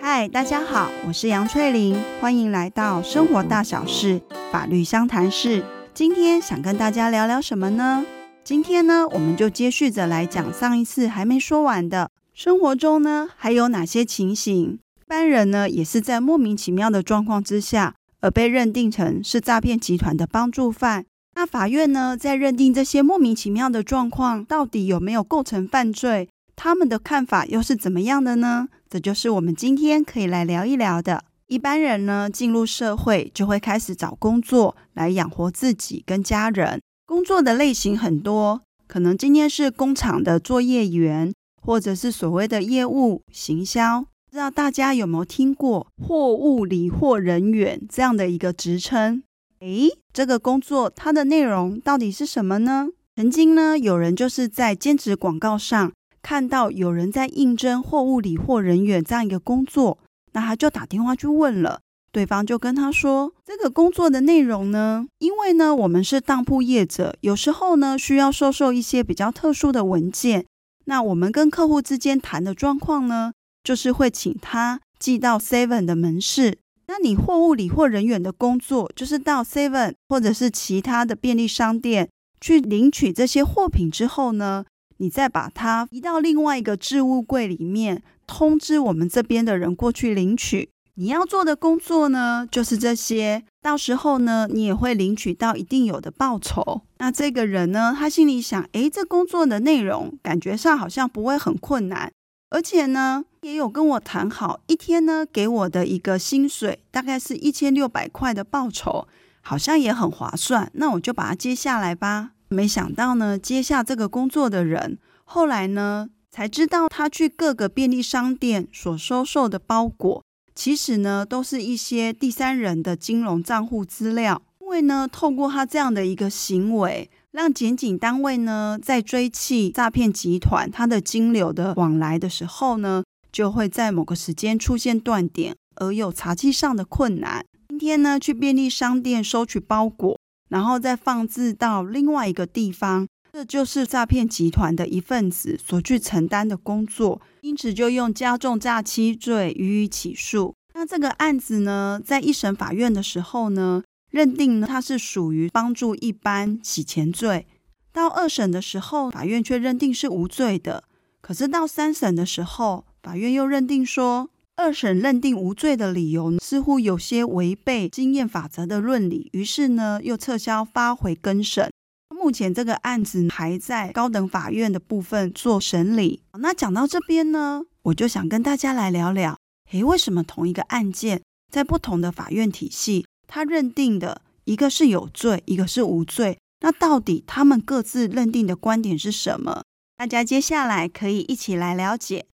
嗨，Hi, 大家好，我是楊翠玲，歡迎來到生活大小事法律相談室。今天想跟大家聊聊什麼呢？今天呢，我們就接續着來講上一次還沒說完的，生活中呢還有哪些情形，一般人呢也是在莫名其妙的狀況之下，而被認定成是詐騙集團的幫助犯。那法院呢，在認定這些莫名其妙的狀況到底有沒有構成犯罪，他們的看法又是怎麼樣的呢？這就是我們今天可以來聊一聊的。一般人呢，進入社會就會開始找工作來養活自己跟家人。工作的類型很多，可能今天是工廠的作業員，或者是所謂的業務行銷。不知道大家有沒有聽過貨物理貨人員這樣的一個職稱？哎，這個工作它的內容到底是什麼呢？曾經呢，有人就是在兼職廣告上看到有人在應徵貨物理貨人員這樣一個工作，那他就打電話去問了，對方就跟他說，這個工作的內容呢，因為呢，我們是當鋪業者，有時候呢需要收受一些比較特殊的文件，那我們跟客戶之間談的狀況呢，就是會請他寄到 Seven 的門市。那你貨物理貨人員的工作，就是到 Seven 或者是其他的便利商店去領取這些貨品之後呢，你再把它移到另外一個置物櫃裡面，通知我們這邊的人過去領取。你要做的工作呢，就是這些。到時候呢，你也會領取到一定有的報酬。那這個人呢，他心裡想：哎，這工作的內容感覺上好像不會很困難，而且呢。也有跟我談好，一天呢給我的一個薪水，大概是一千六百塊的報酬，好像也很划算。那我就把它接下來吧。沒想到呢，接下這個工作的人，後來呢才知道，他去各個便利商店所收受的包裹，其實呢都是一些第三人的金融賬戶資料。因為呢，透過他這樣的一個行為，讓檢警單位呢在追查詐騙集團他的金流的往來的時候呢。就會在某個時間出現斷點，而有查緝上的困難。今天呢，去便利商店收取包裹，然後再放置到另外一個地方，這就是詐騙集團的一份子所去承擔的工作。因此，就用加重詐欺罪予以起訴。那這個案子呢，在一審法院的時候呢，認定呢它是屬於幫助一般洗錢罪。到二審的時候，法院卻認定是無罪的。可是到三審的時候，法院又認定說，二審認定無罪的理由似乎有些違背經驗法則的論理，於是呢，又撤銷發回更審。目前這個案子還在高等法院的部分做審理。那講到這邊呢，我就想跟大家來聊聊，誒，為什麼同一個案件在不同的法院體系，他認定的一個是有罪，一個是無罪？那到底他們各自認定的觀點是什麼？大家接下來可以一起來了解。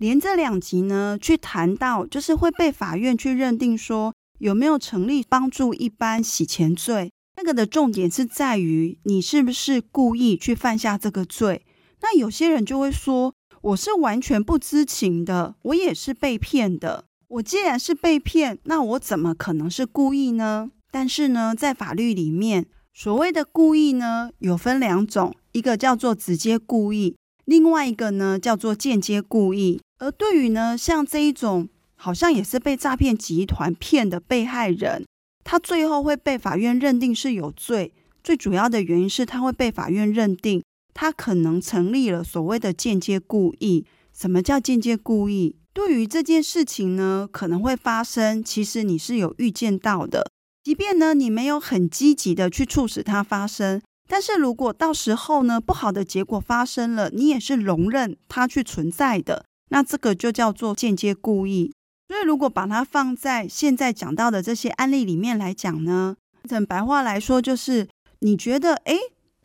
連這兩集呢，去談到就是會被法院去認定說，有沒有成立幫助一般洗錢罪。那個的重點是在於你是不是故意去犯下這個罪。那有些人就會說，我是完全不知情的，我也是被騙的。我既然是被騙，那我怎麼可能是故意呢？但是呢，在法律裡面，所謂的故意呢，有分兩種，一個叫做直接故意，另外一個呢，叫做間接故意。而對於呢，像這一種好像也是被詐騙集團騙的被害人，他最後會被法院認定是有罪。最主要的原因是他會被法院認定他可能成立了所謂的間接故意。什麼叫間接故意？對於這件事情呢，可能會發生，其實你是有預見到的。即便呢，你沒有很積極的去促使它發生，但是如果到時候呢，不好的結果發生了，你也是容忍它去存在的。那這個就叫做間接故意。所以，如果把它放在現在講到的這些案例裡面來講呢，整白話來說，就是你覺得，誒，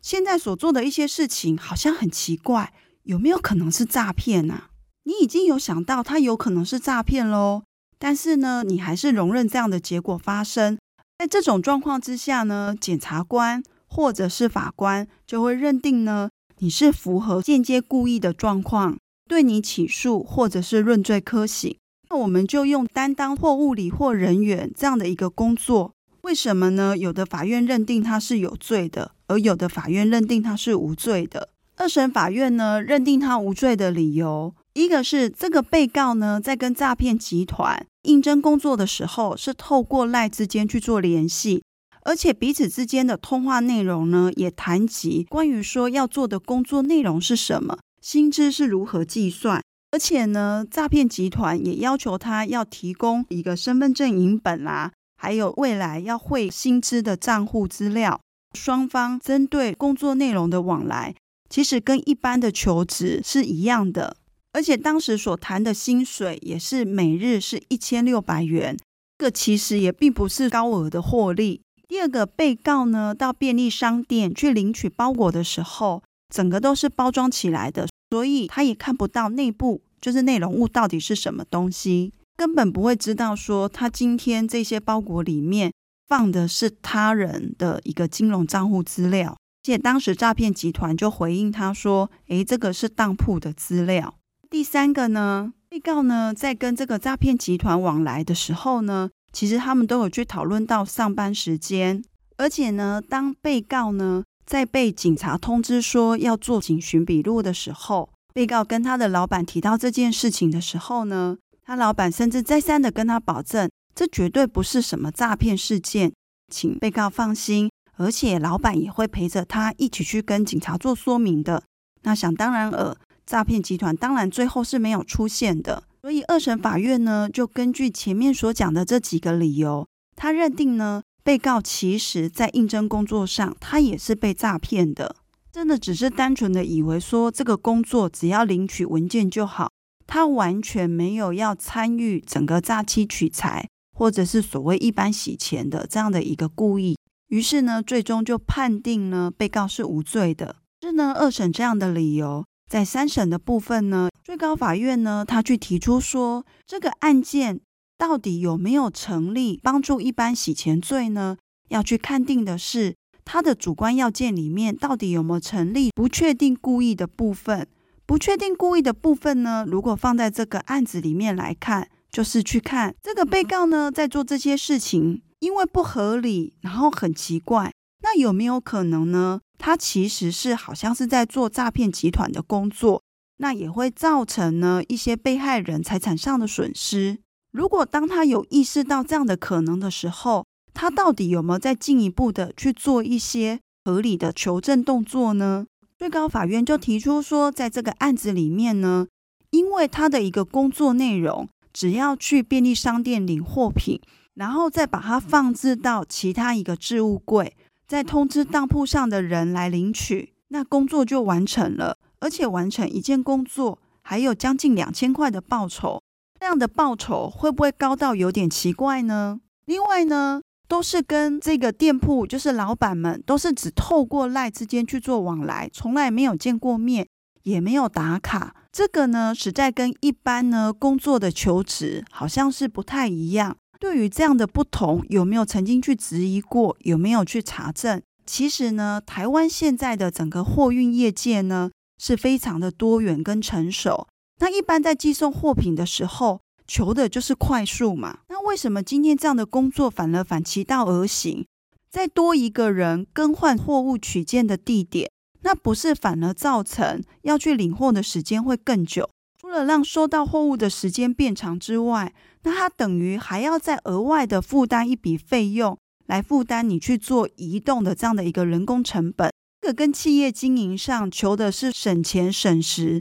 現在所做的一些事情好像很奇怪，有沒有可能是詐騙啊？你已經有想到它有可能是詐騙嘍，但是呢，你還是容忍這樣的結果發生。在這種狀況之下呢，檢察官或者是法官就會認定呢，你是符合間接故意的狀況。對你起訴或者是論罪科刑，那我們就用擔當貨物理貨人員這樣的一個工作，為什麼呢？有的法院認定他是有罪的，而有的法院認定他是無罪的。二審法院呢，認定他無罪的理由，一個是這個被告呢，在跟詐騙集團應徵工作的時候，是透過 LINE 之間去做聯繫，而且彼此之間的通話內容呢，也談及關於說要做的工作內容是什麼。薪資是如何計算？而且呢，詐騙集團也要求他要提供一個身份證影本啦，啊，還有未來要匯薪資的賬戶資料。雙方針對工作內容的往來，其實跟一般的求職是一樣的。而且當時所談的薪水也是每日是一千六百元，這個其實也並不是高額的獲利。第二個被告呢，到便利商店去領取包裹的時候，整個都是包裝起來的。所以他也看不到內部，就是內容物到底是什麼東西，根本不會知道說他今天這些包裹裡面放的是他人的一個金融賬戶資料。而且當時詐騙集團就回應他說：“誒，這個是當鋪的資料。”第三個呢，被告呢在跟這個詐騙集團往來的時候呢，其實他們都有去討論到上班時間，而且呢，當被告呢。在被警察通知說要做警詢筆錄的時候，被告跟他的老闆提到這件事情的時候呢，他老闆甚至再三地跟他保證，這絕對不是什麼詐騙事件，請被告放心，而且老闆也會陪着他一起去跟警察做說明的。那想當然耳，詐騙集團當然最後是沒有出現的，所以二審法院呢，就根據前面所講的這幾個理由，他認定呢。被告其實，在應徵工作上，他也是被詐騙的，真的只是單純的以為說這個工作只要領取文件就好，他完全沒有要參與整個詐欺取財，或者是所謂一般洗錢的這樣的一個故意。於是呢，最終就判定呢，被告是無罪的。是呢，二審這樣的理由，在三審的部分呢，最高法院呢，他去提出說這個案件。到底有沒有成立幫助一般洗錢罪呢？要去判定的是他的主觀要件裡面到底有沒有成立不確定故意的部分。不確定故意的部分呢，如果放在這個案子裡面來看，就是去看這個被告呢，在做這些事情，因為不合理，然後很奇怪，那有沒有可能呢？他其實是好像是在做詐騙集團的工作，那也會造成呢，一些被害人財產上的損失。如果當他有意識到這樣的可能的時候，他到底有沒有再進一步的去做一些合理的求證動作呢？最高法院就提出說，在這個案子裡面呢，因為他的一個工作內容，只要去便利商店領貨品，然後再把它放置到其他一個置物櫃，再通知當鋪上的人來領取，那工作就完成了，而且完成一件工作還有將近兩千塊的報酬。這樣的報酬會不會高到有點奇怪呢？另外呢，都是跟這個店鋪，就是老板們，都是只透過 LINE 之間去做往來，從來沒有見過面，也沒有打卡。這個呢，實在跟一般呢工作的求職好像是不太一樣。對於這樣的不同，有沒有曾經去質疑過？有沒有去查證？其實呢，台灣現在的整個貨運業界呢，是非常的多元跟成熟，那一般在寄送貨品的時候，求的就是快速嘛。那為什麼今天這樣的工作反而反其道而行？再多一個人更換貨物取件的地點，那不是反而造成要去領貨的時間會更久？除了讓收到貨物的時間變長之外，那它等於還要再額外的負擔一筆費用，來負擔你去做移動的這樣的一個人工成本。這個跟企業經營上求的是省錢省時。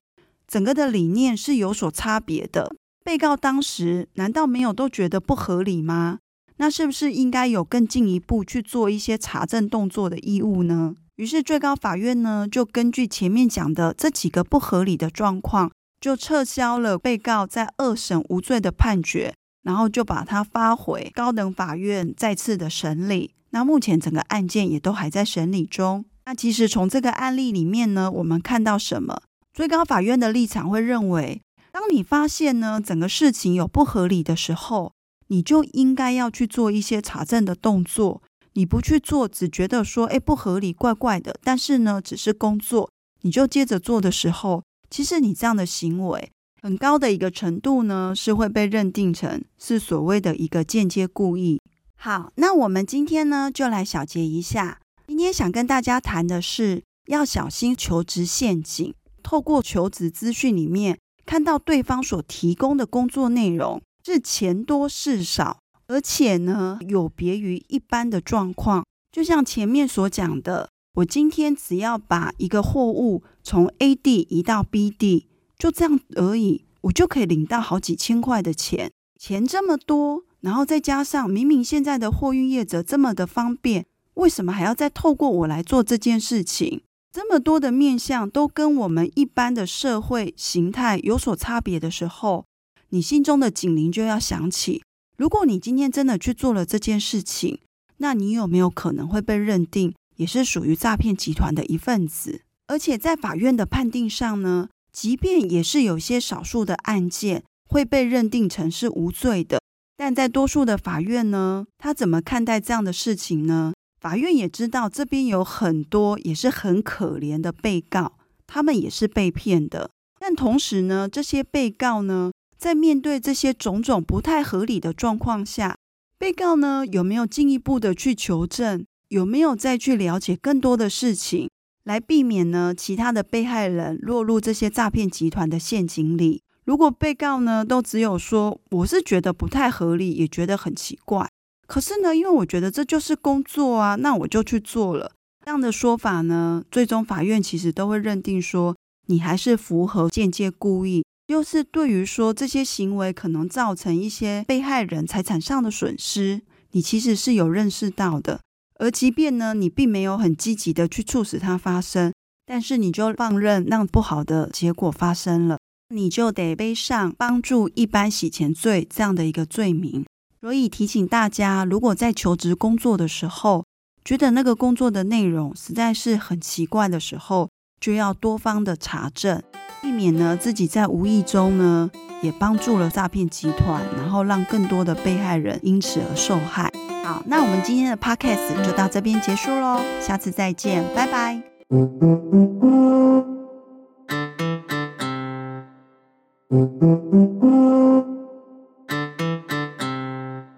整個的理念是有所差別的。被告當時難道沒有都覺得不合理嗎？那是不是應該有更進一步去做一些查證動作的義務呢？於是最高法院呢，就根據前面講的這幾個不合理的狀況，就撤銷了被告在二審無罪的判決，然後就把它發回高等法院再次的審理。那目前整個案件也都還在審理中。那其實從這個案例裡面呢，我們看到什麼？最高法院的立場會認為，當你發現呢整個事情有不合理的時候，你就應該要去做一些查證的動作。你不去做，只覺得說，誒、欸、不合理，怪怪的。但是呢，只是工作，你就接着做的時候，其實你這樣的行為，很高的一個程度呢，是會被認定成是所謂的一個間接故意。好，那我們今天呢，就來小結一下。今天想跟大家談的是，要小心求職陷阱。透過求職資訊裡面看到對方所提供的工作內容是錢多事少，而且呢有別於一般的狀況，就像前面所講的，我今天只要把一個貨物從 A 地移到 B 地，就這樣而已，我就可以領到好幾千塊的錢。錢這麼多，然後再加上明明現在的貨運業者這麼的方便，為什麼還要再透過我來做這件事情？這麼多的面向都跟我們一般的社會形態有所差別的時候，你心中的警鈴就要響起。如果你今天真的去做了這件事情，那你有沒有可能會被認定也是屬於詐騙集團的一份子？而且在法院的判定上呢，即便也是有些少數的案件會被認定成是無罪的，但在多數的法院呢，他怎麼看待這樣的事情呢？法院也知道這邊有很多也是很可憐的被告，他們也是被騙的。但同時呢，這些被告呢，在面對這些種種不太合理的狀況下，被告呢有沒有進一步的去求證，有沒有再去了解更多的事情，來避免呢其他的被害人落入這些詐騙集團的陷阱裡？如果被告呢都只有說我是覺得不太合理，也覺得很奇怪。可是呢，因為我覺得這就是工作啊，那我就去做了。這樣的說法呢，最終法院其實都會認定說，你還是符合間接故意，又、就是對於說這些行為可能造成一些被害人財產上的損失，你其實是有認識到的。而即便呢，你並沒有很積極的去促使它發生，但是你就放任讓不好的結果發生了，你就得背上幫助一般洗錢罪這樣的一個罪名。所以提醒大家，如果在求職工作的時候，覺得那個工作的內容實在是很奇怪的時候，就要多方的查證，避免呢自己在無意中呢也幫助了詐騙集團，然後讓更多的被害人因此而受害。好，那我們今天的 Podcast 就到這邊結束嘍，下次再見，拜拜。